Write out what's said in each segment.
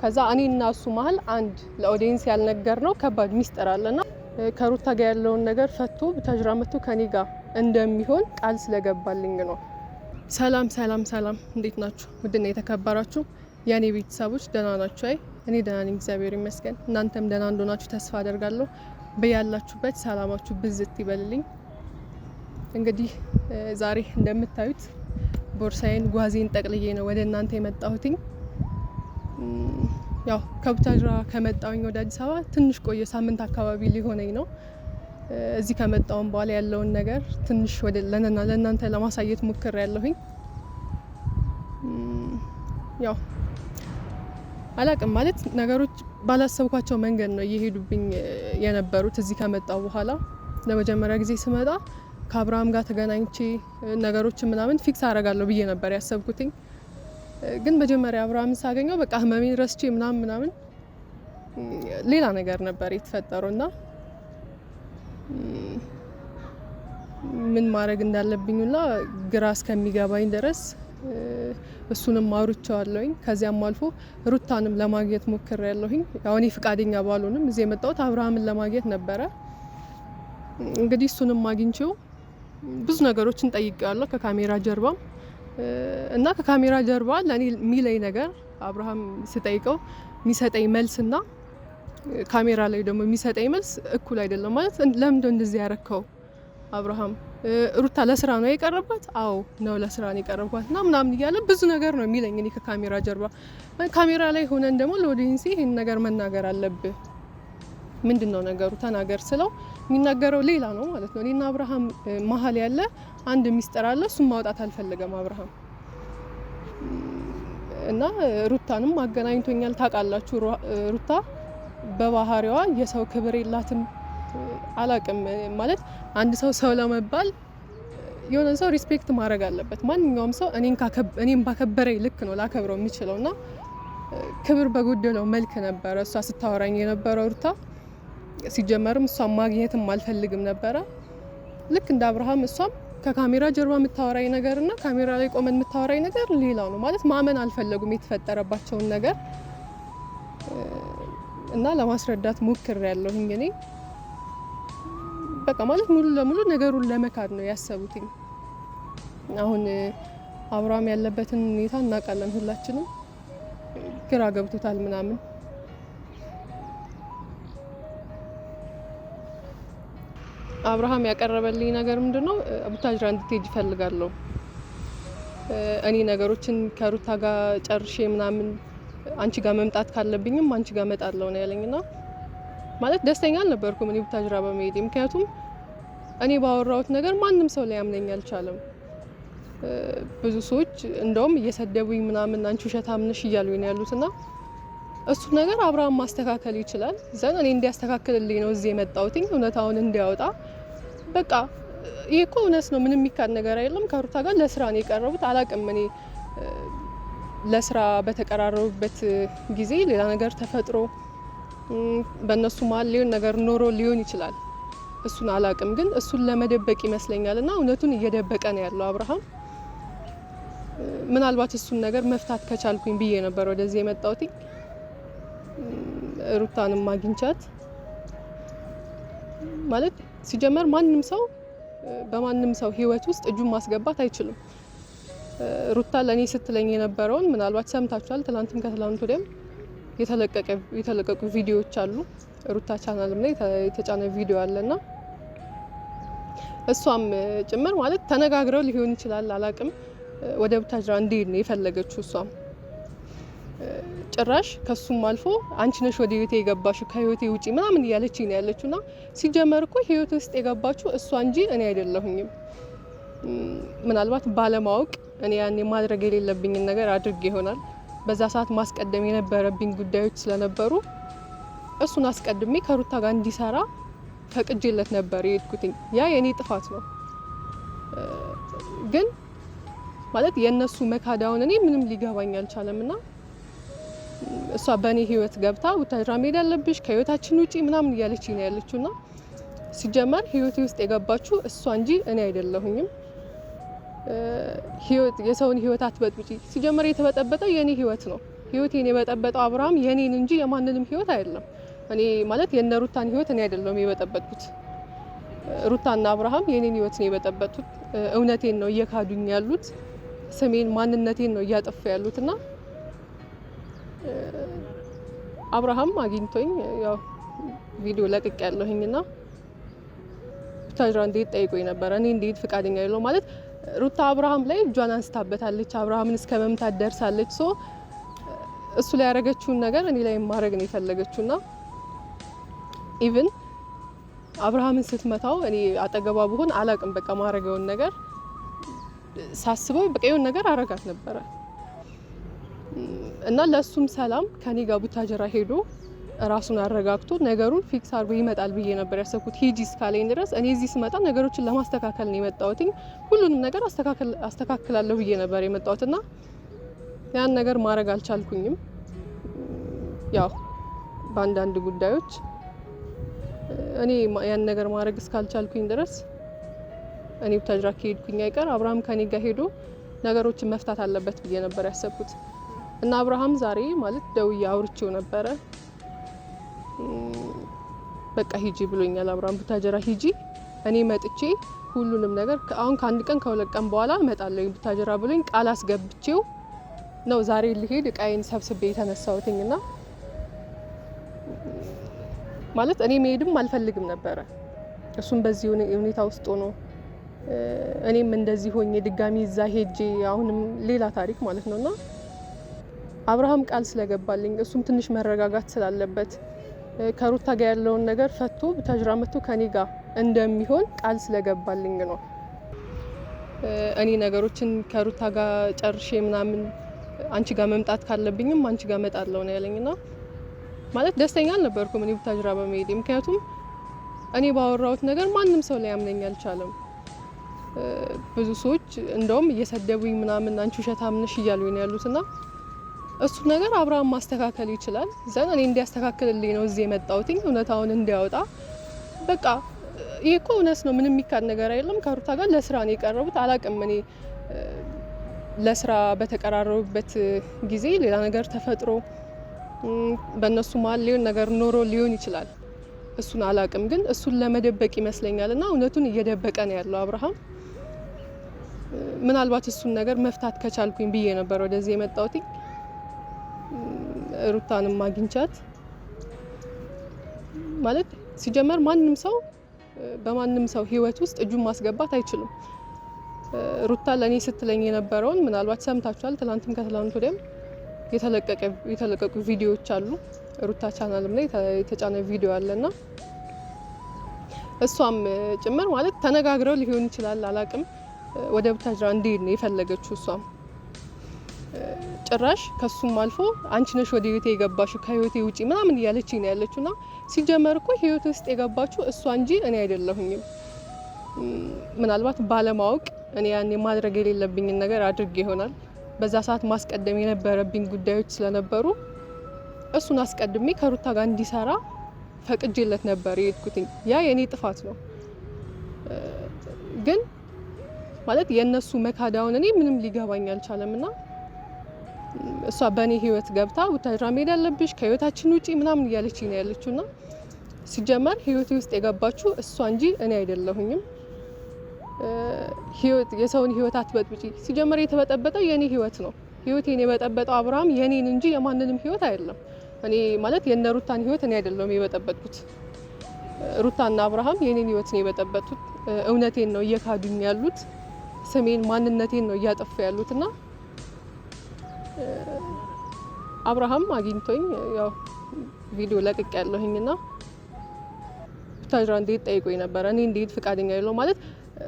ከዛ እኔ እና እሱ መሀል አንድ ለኦዲየንስ ያልነገር ነው ከባድ ሚስጥር አለና ከሩታ ጋር ያለውን ነገር ፈቶ ተጅራመቶ ከኔ ጋር እንደሚሆን ቃል ስለገባልኝ ነው። ሰላም ሰላም ሰላም፣ እንዴት ናችሁ? ውድና የተከበራችሁ የእኔ ቤተሰቦች ደህና ናችሁ? አይ እኔ ደህና ነኝ፣ እግዚአብሔር ይመስገን። እናንተም ደህና እንደሆናችሁ ተስፋ አደርጋለሁ። በያላችሁበት ሰላማችሁ ብዝት ይበልልኝ። እንግዲህ ዛሬ እንደምታዩት ቦርሳዬን ጓዜን ጠቅልዬ ነው ወደ እናንተ የመጣሁትኝ። ያው ከቡታጅራ ከመጣውኝ ወደ አዲስ አበባ ትንሽ ቆየ፣ ሳምንት አካባቢ ሊሆነኝ ነው። እዚህ ከመጣውን በኋላ ያለውን ነገር ትንሽ ወደ ለእናንተ ለማሳየት ሞክር ያለሁኝ ያው አላቅም ማለት ነገሮች ባላሰብኳቸው መንገድ ነው እየሄዱብኝ የነበሩት። እዚህ ከመጣው በኋላ ለመጀመሪያ ጊዜ ስመጣ ከአብርሃም ጋር ተገናኝቼ ነገሮችን ምናምን ፊክስ አረጋለሁ ብዬ ነበር ያሰብኩትኝ። ግን መጀመሪያ አብርሃም ሳገኘው በቃ ህመሜን ረስቼ ምናምን ምናምን ሌላ ነገር ነበር የተፈጠረው እና ምን ማድረግ እንዳለብኝና ግራ እስከሚገባኝ ድረስ እሱንም አውርቼዋለሁኝ። ከዚያም አልፎ ሩታንም ለማግኘት ሞክሬያለሁኝ። ያው እኔ ፍቃደኛ ባልሆንም እዚህ የመጣሁት አብርሃምን ለማግኘት ነበረ። እንግዲህ እሱንም አግኝቼው ብዙ ነገሮችን ጠይቄዋለሁ ከካሜራ ጀርባም እና ከካሜራ ጀርባ ለእኔ የሚለኝ ነገር አብርሃም ስጠይቀው የሚሰጠኝ መልስና ካሜራ ላይ ደግሞ የሚሰጠኝ መልስ እኩል አይደለም። ማለት ለምንድነው እንደዚህ ያረከው አብርሃም ሩታ ለስራ ነው የቀረባት? አዎ ነው ለስራ ነው የቀረባት እና ምናምን እያለ ብዙ ነገር ነው የሚለኝ እኔ ከካሜራ ጀርባ። ካሜራ ላይ ሆነን ደግሞ ለኦዲየንስ ይህን ነገር መናገር አለብህ ምንድን ነው ነገሩ ተናገር ስለው የሚናገረው ሌላ ነው ማለት ነው። እኔና አብርሃም መሀል ያለ አንድ ሚስጥር አለ። እሱም ማውጣት አልፈለገም አብርሃም እና ሩታንም አገናኝቶኛል። ታውቃላችሁ ሩታ በባህሪዋ የሰው ክብር የላትም። አላቅም ማለት አንድ ሰው ሰው ለመባል የሆነ ሰው ሪስፔክት ማድረግ አለበት። ማንኛውም ሰው እኔም ባከበረኝ ልክ ነው ላከብረው የሚችለው እና ክብር በጎደለው መልክ ነበረ እሷ ስታወራኝ የነበረው ሩታ ሲጀመርም እሷም ማግኘትም አልፈልግም ነበረ። ልክ እንደ አብርሃም እሷም ከካሜራ ጀርባ የምታወራኝ ነገር እና ካሜራ ላይ ቆመን የምታወራኝ ነገር ሌላ ነው። ማለት ማመን አልፈለጉም የተፈጠረባቸውን ነገር እና ለማስረዳት ሞክር ያለሁኝ እኔ በቃ ማለት ሙሉ ለሙሉ ነገሩን ለመካድ ነው ያሰቡትኝ። አሁን አብርሃም ያለበትን ሁኔታ እናውቃለን፣ ሁላችንም ግራ ገብቶታል ምናምን አብርሃም ያቀረበልኝ ነገር ምንድን ነው? ቡታጅራ እንድትሄጅ ይፈልጋለሁ። እኔ ነገሮችን ከሩታ ጋር ጨርሼ ምናምን አንቺ ጋር መምጣት ካለብኝም አንቺ ጋር መጣለው ነው ያለኝ። ና ማለት ደስተኛ አልነበርኩም እኔ ቡታጅራ በመሄድ ምክንያቱም እኔ ባወራሁት ነገር ማንም ሰው ሊያምነኝ አልቻለም። ብዙ ሰዎች እንደውም እየሰደቡኝ ምናምን አንቺ ውሸታም ነሽ እያሉኝ ነው ያሉት ና እሱን ነገር አብርሃም ማስተካከል ይችላል ዘን እኔ እንዲያስተካክልልኝ ነው እዚህ እውነት እውነታውን እንዲያወጣ በቃ ይህ እኮ እውነት ነው። ምንም የሚካድ ነገር አይደለም። ከሩታ ጋር ለስራ ነው የቀረቡት። አላቅም እኔ ለስራ በተቀራረቡበት ጊዜ ሌላ ነገር ተፈጥሮ በእነሱ መሀል ሊሆን ነገር ኖሮ ሊሆን ይችላል። እሱን አላቅም፣ ግን እሱን ለመደበቅ ይመስለኛል እና እውነቱን እየደበቀ ነው ያለው አብርሃም። ምናልባት እሱን ነገር መፍታት ከቻልኩኝ ብዬ ነበር ወደዚህ የመጣሁትኝ ሩታንም አግኝቻት ማለት ሲጀመር ማንም ሰው በማንም ሰው ህይወት ውስጥ እጁን ማስገባት አይችልም። ሩታ ለእኔ ስትለኝ የነበረውን ምናልባት ሰምታችኋል። ትላንትም ከትላንት ወዲያም የተለቀቁ ቪዲዮዎች አሉ። ሩታ ቻናልም ላይ የተጫነ ቪዲዮ አለና እሷም ጭምር ማለት ተነጋግረው ሊሆን ይችላል አላቅም። ወደ ቡታጅራ እንዲሄድ ነው የፈለገችው እሷም ጭራሽ ከሱም አልፎ አንቺ ነሽ ወደ ህይወቴ የገባሽው ከህይወቴ ውጪ ምናምን እያለች ነው ና ሲጀመር እኮ ህይወቴ ውስጥ የገባችው እሷ እንጂ እኔ አይደለሁኝም። ምናልባት ባለማወቅ እኔ ያኔ ማድረግ የሌለብኝን ነገር አድርጌ ይሆናል። በዛ ሰዓት ማስቀደም የነበረብኝ ጉዳዮች ስለነበሩ እሱን አስቀድሜ ከሩታ ጋር እንዲሰራ ፈቅጄለት ነበር የሄድኩትኝ። ያ የእኔ ጥፋት ነው። ግን ማለት የእነሱ መካዳውን እኔ ምንም ሊገባኝ አልቻለም ና እሷ በእኔ ህይወት ገብታ ውታድራ መሄድ አለብሽ ከህይወታችን ውጪ ምናምን እያለች ነው ያለችው። ና ሲጀመር ህይወት ውስጥ የገባችው እሷ እንጂ እኔ አይደለሁኝም። የሰውን ህይወት አትበጥብጪ። ሲጀመር የተበጠበጠው የእኔ ህይወት ነው። ህይወቴን የበጠበጠው አብርሃም የኔን እንጂ የማንንም ህይወት አይደለም። እኔ ማለት የነ ሩታን ህይወት እኔ አይደለሁም የበጠበጥኩት። ሩታና አብርሃም የኔን ህይወት ነው የበጠበጡት። እውነቴን ነው እየካዱኝ ያሉት። ስሜን ማንነቴን ነው እያጠፉ ያሉትና አብርሃም አግኝቶኝ ያው ቪዲዮ ለቅቅ ና ቡታጅራ እንዴት ጠይቆኝ ነበረ። እኔ እንዴት ፍቃደኛ የለው ማለት ሩታ አብርሃም ላይ እጇን አንስታበታለች። አብርሃምን እስከ መምታት ደርሳለች። ሶ እሱ ላይ ያደረገችውን ነገር እኔ ላይ ማድረግ ነው የፈለገችው ና ኢቭን አብርሃምን ስትመታው እኔ አጠገቧ ብሆን አላቅም። በቃ ማድረገውን ነገር ሳስበው በቃ የሆነ ነገር አረጋት ነበረ። እና ለእሱም ሰላም ከኔ ጋር ቡታጀራ ሄዶ ራሱን አረጋግቶ ነገሩን ፊክስ አድርጎ ይመጣል ብዬ ነበር ያሰብኩት። ሂጂ እስካለኝ ድረስ እኔ እዚህ ስመጣ ነገሮችን ለማስተካከል ነው የመጣሁት። ሁሉንም ነገር አስተካክላለሁ ብዬ ነበር የመጣሁት እና ያን ነገር ማድረግ አልቻልኩኝም። ያው በአንዳንድ ጉዳዮች እኔ ያን ነገር ማድረግ እስካልቻልኩኝ ድረስ እኔ ቡታጅራ ከሄድኩኝ አይቀር አብርሃም ከኔ ጋር ሄዶ ነገሮችን መፍታት አለበት ብዬ ነበር ያሰብኩት። እና አብርሃም ዛሬ ማለት ደውዬ አውርቼው ነበረ። በቃ ሂጂ ብሎኛል አብርሃም፣ ቡታጀራ ሂጂ፣ እኔ መጥቼ ሁሉንም ነገር አሁን ከአንድ ቀን ከሁለት ቀን በኋላ እመጣለሁ ቡታጀራ ብሎኝ ቃል አስገብቼው ነው ዛሬ ልሄድ እቃዬን ሰብስቤ ና ማለት እኔ መሄድም አልፈልግም ነበረ። እሱም በዚህ ሁኔታ ውስጥ ሆኖ እኔም እንደዚህ ሆኜ ድጋሚ እዛ ሄጄ አሁንም ሌላ ታሪክ ማለት ና አብርሃም ቃል ስለገባልኝ እሱም ትንሽ መረጋጋት ስላለበት ከሩታ ጋር ያለውን ነገር ፈቶ መቶ ከኔ ጋር እንደሚሆን ቃል ስለገባልኝ ነው። እኔ ነገሮችን ከሩታ ጋር ጨርሼ ምናምን አንቺ ጋር መምጣት ካለብኝም አንቺ ጋር መጣለው ነው ያለኝና ማለት ደስተኛ አልነበርኩም እኔ ቡታጅራ በመሄድ ምክንያቱም እኔ ባወራሁት ነገር ማንም ሰው ላይ ያምነኝ አልቻለም። ብዙ ሰዎች እንደውም እየሰደቡኝ ምናምን አንቺ ውሸታም ነሽ እያሉኝ ነው ያሉትና እሱ ነገር አብርሃም ማስተካከል ይችላል። ዘን እኔ እንዲያስተካክልልኝ ነው እዚህ የመጣሁት፣ እውነታውን እንዲያወጣ በቃ ይህ እኮ እውነት ነው። ምንም የሚካድ ነገር አይደለም። ከሩታ ጋር ለስራ ነው የቀረቡት። አላቅም እኔ ለስራ በተቀራረቡበት ጊዜ ሌላ ነገር ተፈጥሮ በእነሱ መሀል ሊሆን ነገር ኖሮ ሊሆን ይችላል። እሱን አላቅም፣ ግን እሱን ለመደበቅ ይመስለኛል እና እውነቱን እየደበቀ ነው ያለው አብርሃም። ምናልባት እሱን ነገር መፍታት ከቻልኩኝ ብዬ ነበር ወደዚህ የመጣሁት። ሩታንም አግኝቻት ማለት ሲጀመር ማንም ሰው በማንም ሰው ህይወት ውስጥ እጁን ማስገባት አይችልም። ሩታ ለእኔ ስትለኝ የነበረውን ምናልባት ሰምታችኋል። ትላንትም ከትላንት ወዲያም የተለቀቁ ቪዲዮዎች አሉ። ሩታ ቻናልም ላይ የተጫነ ቪዲዮ አለና እሷም ጭምር ማለት ተነጋግረው ሊሆን ይችላል አላቅም። ወደ ብታጅራ እንዲሄድ ነው የፈለገችው እሷም ጭራሽ ከሱም አልፎ አንቺ ነሽ ወደ ህይወቴ የገባሽው ከህይወቴ ውጪ ምናምን እያለች ነው ያለችው። ና ሲጀመር እኮ ህይወቴ ውስጥ የገባችው እሷ እንጂ እኔ አይደለሁኝም። ምናልባት ባለማወቅ እኔ ያኔ ማድረግ የሌለብኝን ነገር አድርጌ ይሆናል። በዛ ሰዓት ማስቀደም የነበረብኝ ጉዳዮች ስለነበሩ እሱን አስቀድሜ ከሩታ ጋር እንዲሰራ ፈቅጄለት ነበር የሄድኩትኝ። ያ የእኔ ጥፋት ነው ግን ማለት የእነሱ መካዳውን እኔ ምንም ሊገባኝ አልቻለም ና እሷ በእኔ ህይወት ገብታ ውታድራ መሄድ ያለብሽ ከህይወታችን ውጪ ምናምን እያለች ነው ያለችው። ና ሲጀመር ህይወት ውስጥ የገባችው እሷ እንጂ እኔ አይደለሁኝም። የሰውን ህይወት አትበጥብጪ። ሲጀመር የተበጠበጠው የእኔ ህይወት ነው። ህይወቴን የበጠበጠው አብርሃም የኔን እንጂ የማንንም ህይወት አይደለም። እኔ ማለት የነ ሩታን ህይወት እኔ አይደለሁም የበጠበጥኩት። ሩታና አብርሃም የኔን ህይወት ነው የበጠበጡት። እውነቴን ነው እየካዱኝ ያሉት። ስሜን ማንነቴን ነው እያጠፉ ያሉት አብርሃም አግኝቶኝ ያው ቪዲዮ ለቅቅ ያለሁኝና ቡታጅራ እንዴት ጠይቆኝ ነበረ። እኔ እንዴት ፍቃደኛ የለው ማለት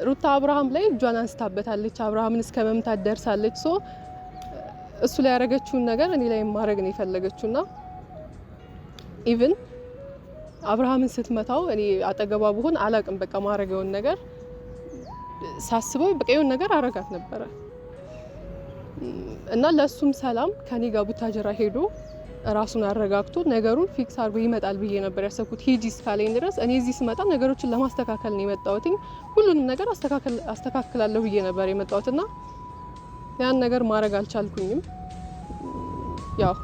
ሩታ አብርሃም ላይ እጇን አንስታበታለች፣ አብርሃምን እስከ መምታት ደርሳለች። ሶ እሱ ላይ ያደረገችውን ነገር እኔ ላይ ማድረግ ነው የፈለገችውና ኢቭን አብርሃምን ስትመታው እኔ አጠገቧ ብሆን አላቅም። በቃ ማድረገውን ነገር ሳስበው በቃ የሆን ነገር አረጋት ነበረ እና ለሱም ሰላም ከኔ ጋር ቡታጀራ ሄዶ ራሱን አረጋግቶ ነገሩን ፊክስ አድርጎ ይመጣል ብዬ ነበር ያሰብኩት። ሂጂ እስካለኝ ድረስ እኔ እዚህ ስመጣ ነገሮችን ለማስተካከል ነው የመጣሁት። ሁሉንም ነገር አስተካክላለሁ ብዬ ነበር የመጣሁት እና ያን ነገር ማድረግ አልቻልኩኝም። ያው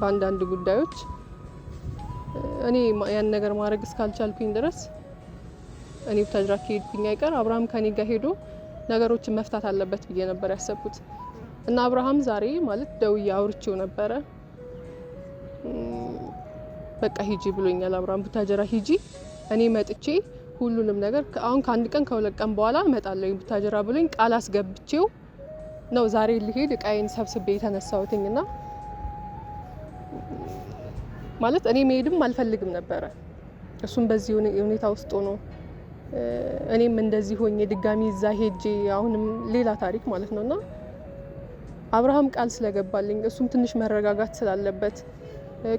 በአንዳንድ ጉዳዮች እኔ ያን ነገር ማድረግ እስካልቻልኩኝ ድረስ እኔ ቡታጅራ ከሄድኩኝ አይቀር አብርሃም ከኔ ጋር ሄዶ ነገሮችን መፍታት አለበት ብዬ ነበር ያሰብኩት። እና አብርሃም ዛሬ ማለት ደውዬ አውርቼው ነበረ። በቃ ሂጂ ብሎኛል አብርሃም ቡታጀራ ሂጂ፣ እኔ መጥቼ ሁሉንም ነገር አሁን ከአንድ ቀን ከሁለት ቀን በኋላ እመጣለሁ ቡታጀራ ብሎኝ ቃል አስገብቼው ነው ዛሬ ልሄድ እቃዬን ሰብስቤ የተነሳሁትኝ እና ማለት እኔ መሄድም አልፈልግም ነበረ። እሱም በዚህ ሁኔታ ውስጥ ሆኖ እኔም እንደዚህ ሆኜ ድጋሚ እዛ ሄጄ አሁንም ሌላ ታሪክ ማለት ነውና አብርሃም ቃል ስለገባልኝ እሱም ትንሽ መረጋጋት ስላለበት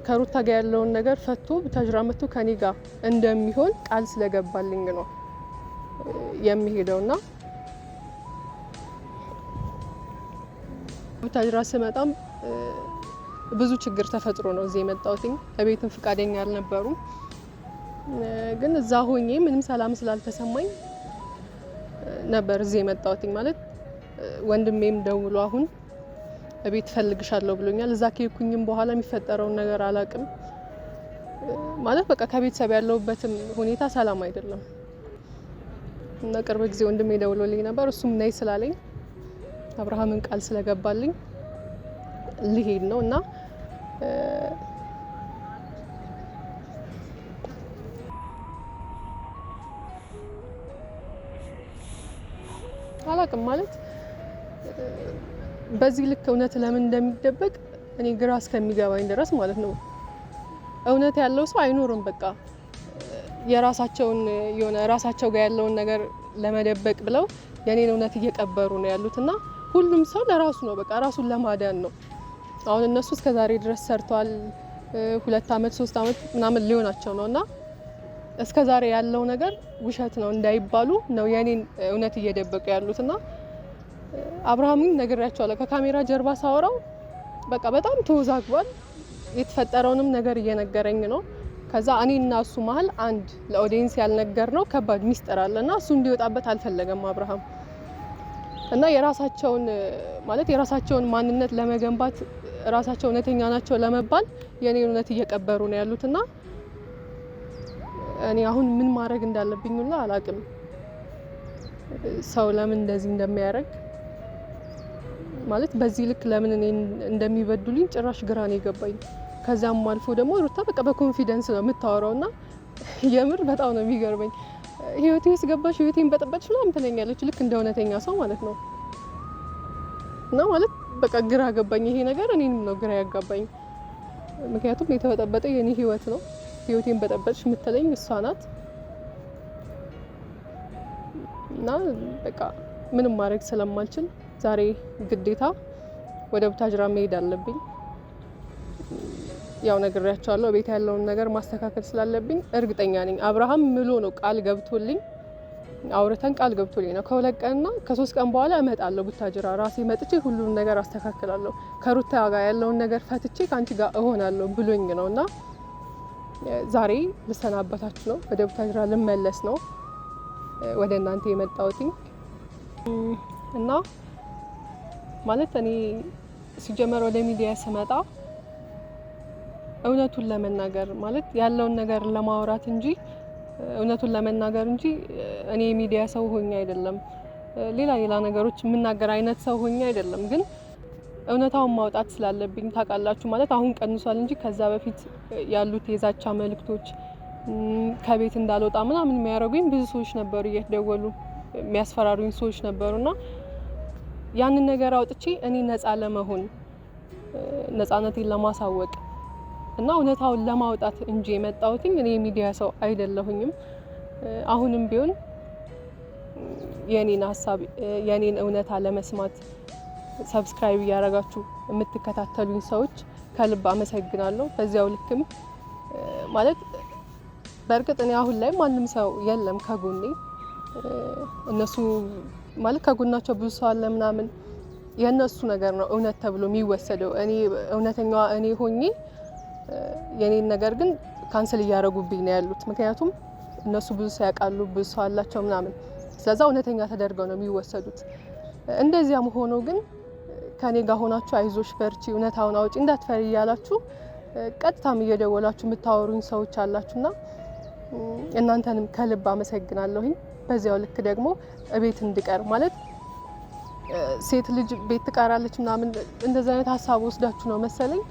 ከሩታ ጋር ያለውን ነገር ፈቶ ብታጅራ መቶ ከኔ ጋር እንደሚሆን ቃል ስለገባልኝ ነው የሚሄደው ና ብታጅራ ስመጣም ብዙ ችግር ተፈጥሮ ነው እዚህ የመጣውትኝ። እቤትም ፍቃደኛ አልነበሩም። ግን እዛ ሆኜ ምንም ሰላም ስላልተሰማኝ ነበር እዚህ የመጣውትኝ። ማለት ወንድሜም ደውሎ አሁን እቤት ፈልግሻለሁ ብሎኛል። እዛ ከሄድኩኝም በኋላ የሚፈጠረውን ነገር አላቅም። ማለት በቃ ከቤተሰብ ያለውበትም ሁኔታ ሰላም አይደለም እና ቅርብ ጊዜ ወንድሜ ደውሎልኝ ነበር። እሱም ነይ ስላለኝ አብርሃምን ቃል ስለገባልኝ ልሄድ ነው እና አላቅም ማለት በዚህ ልክ እውነት ለምን እንደሚደበቅ እኔ ግራ እስከሚገባኝ ድረስ ማለት ነው። እውነት ያለው ሰው አይኖርም። በቃ የራሳቸውን የሆነ ራሳቸው ጋር ያለውን ነገር ለመደበቅ ብለው የኔን እውነት እየቀበሩ ነው ያሉት እና ሁሉም ሰው ለራሱ ነው በቃ ራሱን ለማዳን ነው። አሁን እነሱ እስከ ዛሬ ድረስ ሰርተዋል ሁለት አመት ሶስት አመት ምናምን ሊሆናቸው ነው እና እስከ ዛሬ ያለው ነገር ውሸት ነው እንዳይባሉ ነው የኔን እውነት እየደበቁ ያሉት እና አብርሃምን ነግሬያቸዋለሁ። ከካሜራ ጀርባ ሳወራው በቃ በጣም ተወዛግቧል። የተፈጠረውንም ነገር እየነገረኝ ነው። ከዛ እኔ እና እሱ መሀል አንድ ለኦዲየንስ ያልነገር ነው ከባድ ሚስጥር አለ እና እሱ እንዲወጣበት አልፈለገም አብርሃም እና የራሳቸውን ማለት የራሳቸውን ማንነት ለመገንባት ራሳቸው እውነተኛ ናቸው ለመባል የእኔን እውነት እየቀበሩ ነው ያሉት እና እኔ አሁን ምን ማድረግ እንዳለብኝ ሁላ አላቅም። ሰው ለምን እንደዚህ እንደሚያደርግ ማለት በዚህ ልክ ለምን እኔ እንደሚበድሉኝ ጭራሽ ግራ ነው የገባኝ። ከዛም አልፎ ደግሞ ሩታ በቃ በኮንፊደንስ ነው የምታወራው እና የምር በጣም ነው የሚገርመኝ። ህይወቴ ውስጥ ገባሽ፣ ህይወቴን በጠበጥሽ ምናምን ትለኛለች፣ ልክ እንደ እውነተኛ ሰው ማለት ነው። እና ማለት በቃ ግራ ገባኝ ይሄ ነገር፣ እኔንም ነው ግራ ያጋባኝ። ምክንያቱም የተበጠበጠ የኔ ህይወት ነው። ህይወቴን በጠበጥሽ የምትለኝ እሷ ናት። እና በቃ ምንም ማድረግ ስለማልችል ዛሬ ግዴታ ወደ ቡታጅራ መሄድ አለብኝ። ያው ነግሬያቸዋለሁ። ቤት ያለውን ነገር ማስተካከል ስላለብኝ እርግጠኛ ነኝ። አብርሃም ምሎ ነው ቃል ገብቶልኝ አውርተን ቃል ገብቶልኝ ነው ከሁለት ቀንና ከሶስት ቀን በኋላ እመጣለሁ ቡታጅራ። ራሴ መጥቼ ሁሉን ነገር አስተካክላለሁ፣ ከሩታ ጋር ያለውን ነገር ፈትቼ ከአንቺ ጋር እሆናለሁ ብሎኝ ነው እና ዛሬ ልሰናበታችሁ ነው። ወደ ቡታጅራ ልመለስ ነው ወደ እናንተ የመጣሁት እና ማለት እኔ ሲጀመር ወደ ሚዲያ ስመጣ እውነቱን ለመናገር ማለት ያለውን ነገር ለማውራት እንጂ እውነቱን ለመናገር እንጂ እኔ የሚዲያ ሰው ሆኜ አይደለም፣ ሌላ ሌላ ነገሮች የምናገር አይነት ሰው ሆኜ አይደለም። ግን እውነታውን ማውጣት ስላለብኝ ታውቃላችሁ፣ ማለት አሁን ቀንሷል እንጂ ከዛ በፊት ያሉት የዛቻ መልእክቶች ከቤት እንዳልወጣ ምናምን የሚያደርጉኝ ብዙ ሰዎች ነበሩ፣ እየደወሉ የሚያስፈራሩኝ ሰዎች ነበሩና ያንን ነገር አውጥቼ እኔ ነፃ ለመሆን ነፃነቴን ለማሳወቅ እና እውነታውን ለማውጣት እንጂ የመጣሁትኝ እኔ የሚዲያ ሰው አይደለሁኝም። አሁንም ቢሆን የኔን ሀሳብ የኔን እውነታ ለመስማት ሰብስክራይብ እያደረጋችሁ የምትከታተሉኝ ሰዎች ከልብ አመሰግናለሁ። በዚያው ልክም ማለት በእርግጥ እኔ አሁን ላይ ማንም ሰው የለም ከጎኔ እነሱ ማለት ከጎናቸው ብዙ ሰው አለ ምናምን የእነሱ ነገር ነው እውነት ተብሎ የሚወሰደው። እኔ እውነተኛዋ እኔ ሆኜ የኔን ነገር ግን ካንስል እያደረጉብኝ ነው ያሉት። ምክንያቱም እነሱ ብዙ ሰው ያውቃሉ፣ ብዙ ሰው አላቸው ምናምን፣ ስለዛ እውነተኛ ተደርገው ነው የሚወሰዱት። እንደዚያም ሆኖ ግን ከኔ ጋር ሆናችሁ አይዞሽ፣ በርቺ፣ እውነታውን አውጪ፣ እንዳትፈሪ እያላችሁ ቀጥታም እየደወላችሁ የምታወሩኝ ሰዎች አላችሁና እናንተንም ከልብ አመሰግናለሁኝ። በዚያው ልክ ደግሞ ቤት እንድቀር ማለት ሴት ልጅ ቤት ትቀራለች ምናምን እንደዚ አይነት ሀሳብ ወስዳችሁ ነው መሰለኝ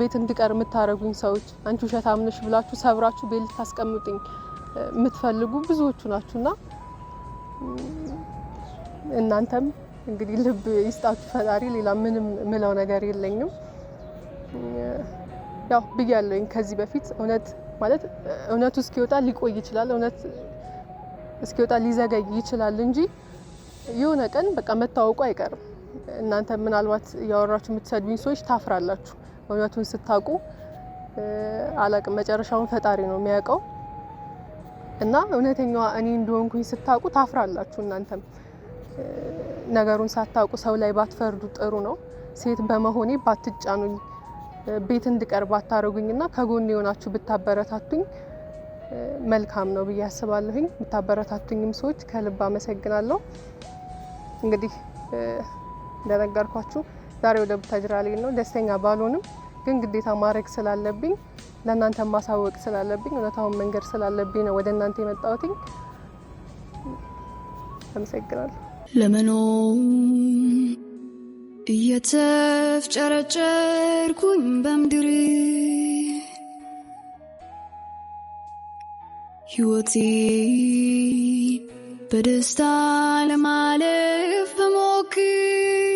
ቤት እንድቀር የምታደረጉኝ ሰዎች አንቺ ውሸታም ነሽ ብላችሁ ሰብራችሁ ቤት ልታስቀምጡኝ የምትፈልጉ ብዙዎቹ ናችሁና እናንተም እንግዲህ ልብ ይስጣችሁ ፈጣሪ። ሌላ ምንም ምለው ነገር የለኝም። ያው ብያለኝ ከዚህ በፊት እውነት ማለት እውነቱ እስኪወጣ ሊቆይ ይችላል እውነት እስኪወጣ ሊዘገይ ይችላል እንጂ የሆነ ቀን በቃ መታወቁ አይቀርም። እናንተ ምናልባት እያወራችሁ የምትሰድቡኝ ሰዎች ታፍራላችሁ። እውነቱን ስታውቁ አላቅም። መጨረሻውን ፈጣሪ ነው የሚያውቀው እና እውነተኛዋ እኔ እንደሆንኩኝ ስታውቁ ታፍራላችሁ። እናንተም ነገሩን ሳታውቁ ሰው ላይ ባትፈርዱ ጥሩ ነው። ሴት በመሆኔ ባትጫኑኝ፣ ቤት እንድቀር ባታደርጉኝ እና ከጎን የሆናችሁ ብታበረታቱኝ መልካም ነው ብዬ አስባለሁኝ። የምታበረታቱኝም ሰዎች ከልብ አመሰግናለሁ። እንግዲህ እንደነገርኳችሁ ዛሬ ወደ ቡታጅራ ላይ ነው። ደስተኛ ባልሆንም ግን ግዴታ ማድረግ ስላለብኝ ለእናንተ ማሳወቅ ስላለብኝ እውነታውን መንገድ ስላለብኝ ነው ወደ እናንተ የመጣሁትኝ። አመሰግናለሁ። ለመኖ እየተፍጨረጨርኩኝ በምድር ሕይወቴ በደስታ ለማለፍ በሞክር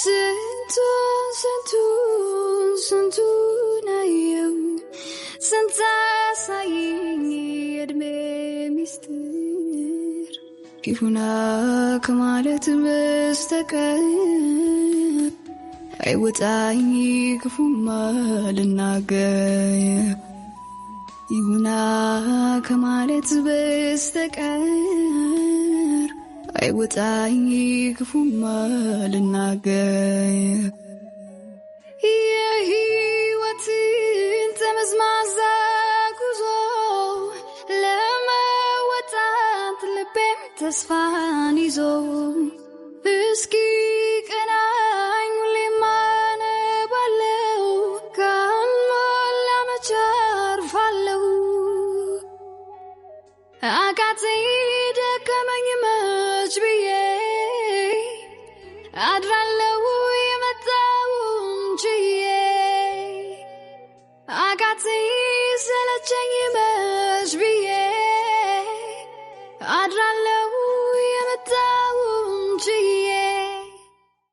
ስንቱን ስንቱን ስንቱን አየው ስንታሳየኝ የእድሜ ሚስጥር ይሁና ከማለት በስተቀር አይወጣኝ ክፉማ ልናገር ይሁና ከማለት በስተቀር አይወጣኝ ክፉማ ልናገር የህይወትን ጠመዝማዛ ጉዞ ለመወጣት ልቤም ተስፋን ይዞ እስኪ